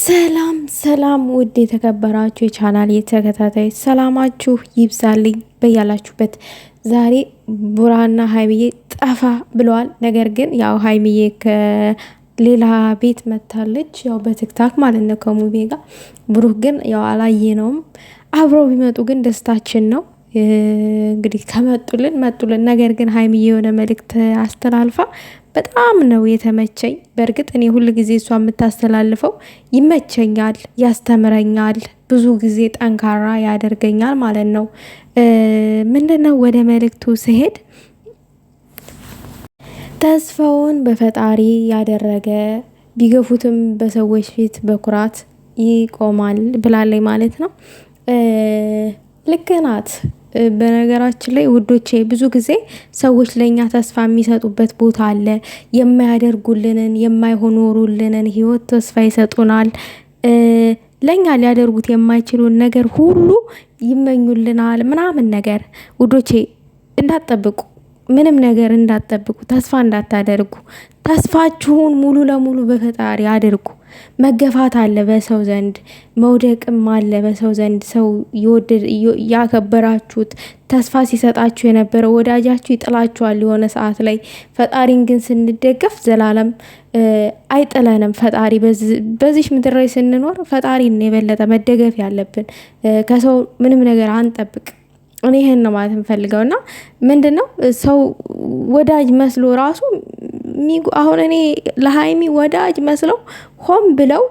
ሰላም ሰላም ውድ የተከበራችሁ የቻናል የተከታታይ ሰላማችሁ ይብዛልኝ በያላችሁበት። ዛሬ ቡራና ሀይሚዬ ጠፋ ብለዋል። ነገር ግን ያው ሀይሚዬ ከሌላ ቤት መታለች፣ ያው በትክታክ ማለት ነው ከሙቤ ጋር። ብሩህ ግን ያው አላየ ነውም። አብረው ቢመጡ ግን ደስታችን ነው። እንግዲህ ከመጡልን መጡልን። ነገር ግን ሀይሚዬ የሆነ መልእክት አስተላልፋ በጣም ነው የተመቸኝ። በእርግጥ እኔ ሁል ጊዜ እሷ የምታስተላልፈው ይመቸኛል፣ ያስተምረኛል፣ ብዙ ጊዜ ጠንካራ ያደርገኛል ማለት ነው። ምንድነው ወደ መልእክቱ ስሄድ ተስፋውን በፈጣሪ ያደረገ ቢገፉትም በሰዎች ፊት በኩራት ይቆማል ብላለች ማለት ነው። ልክ ናት። በነገራችን ላይ ውዶቼ ብዙ ጊዜ ሰዎች ለእኛ ተስፋ የሚሰጡበት ቦታ አለ። የማያደርጉልንን የማይሆኑሩልንን ህይወት ተስፋ ይሰጡናል። ለእኛ ሊያደርጉት የማይችሉን ነገር ሁሉ ይመኙልናል ምናምን ነገር ውዶቼ እንዳትጠብቁ። ምንም ነገር እንዳትጠብቁ፣ ተስፋ እንዳታደርጉ። ተስፋችሁን ሙሉ ለሙሉ በፈጣሪ አድርጉ። መገፋት አለ በሰው ዘንድ፣ መውደቅም አለ በሰው ዘንድ። ሰው ያከበራችሁት ተስፋ ሲሰጣችሁ የነበረ ወዳጃችሁ ይጥላችኋል የሆነ ሰዓት ላይ። ፈጣሪን ግን ስንደገፍ ዘላለም አይጥለንም። ፈጣሪ በዚሽ ምድር ላይ ስንኖር ፈጣሪን የበለጠ መደገፍ ያለብን። ከሰው ምንም ነገር አንጠብቅ። እኔ ይህን ነው ማለት የምፈልገው እና ምንድን ነው ሰው ወዳጅ መስሎ ራሱ አሁን እኔ ለሀይሚ ወዳጅ መስለው ሆን ብለው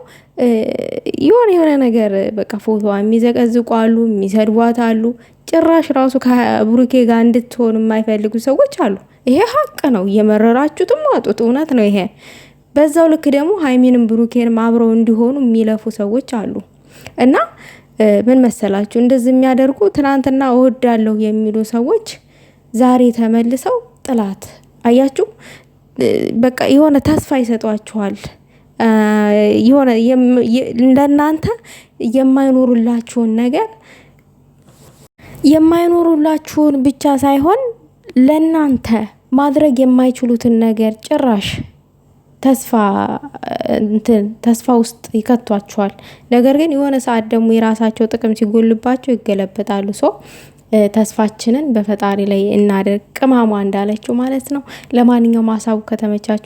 የሆነ የሆነ ነገር በቃ ፎቶ የሚዘቀዝቋሉ የሚሰድቧት አሉ። ጭራሽ ራሱ ከብሩኬ ጋር እንድትሆኑ የማይፈልጉ ሰዎች አሉ። ይሄ ሀቅ ነው። እየመረራችሁትም አጡት። እውነት ነው ይሄ። በዛው ልክ ደግሞ ሀይሚንም ብሩኬንም አብረው እንዲሆኑ የሚለፉ ሰዎች አሉ። እና ምን መሰላችሁ እንደዚህ የሚያደርጉ ትናንትና እወዳለሁ የሚሉ ሰዎች ዛሬ ተመልሰው ጥላት አያችሁ። በቃ የሆነ ተስፋ ይሰጧችኋል። የሆነ ለእናንተ የማይኖሩላችሁን ነገር የማይኖሩላችሁን ብቻ ሳይሆን ለእናንተ ማድረግ የማይችሉትን ነገር ጭራሽ ተስፋ እንትን ተስፋ ውስጥ ይከቷቸዋል። ነገር ግን የሆነ ሰዓት ደግሞ የራሳቸው ጥቅም ሲጎልባቸው ይገለበጣሉ። ሶ ተስፋችንን በፈጣሪ ላይ እናደርግ ቅማሟ እንዳለችው ማለት ነው። ለማንኛውም ሀሳቡ ከተመቻቸው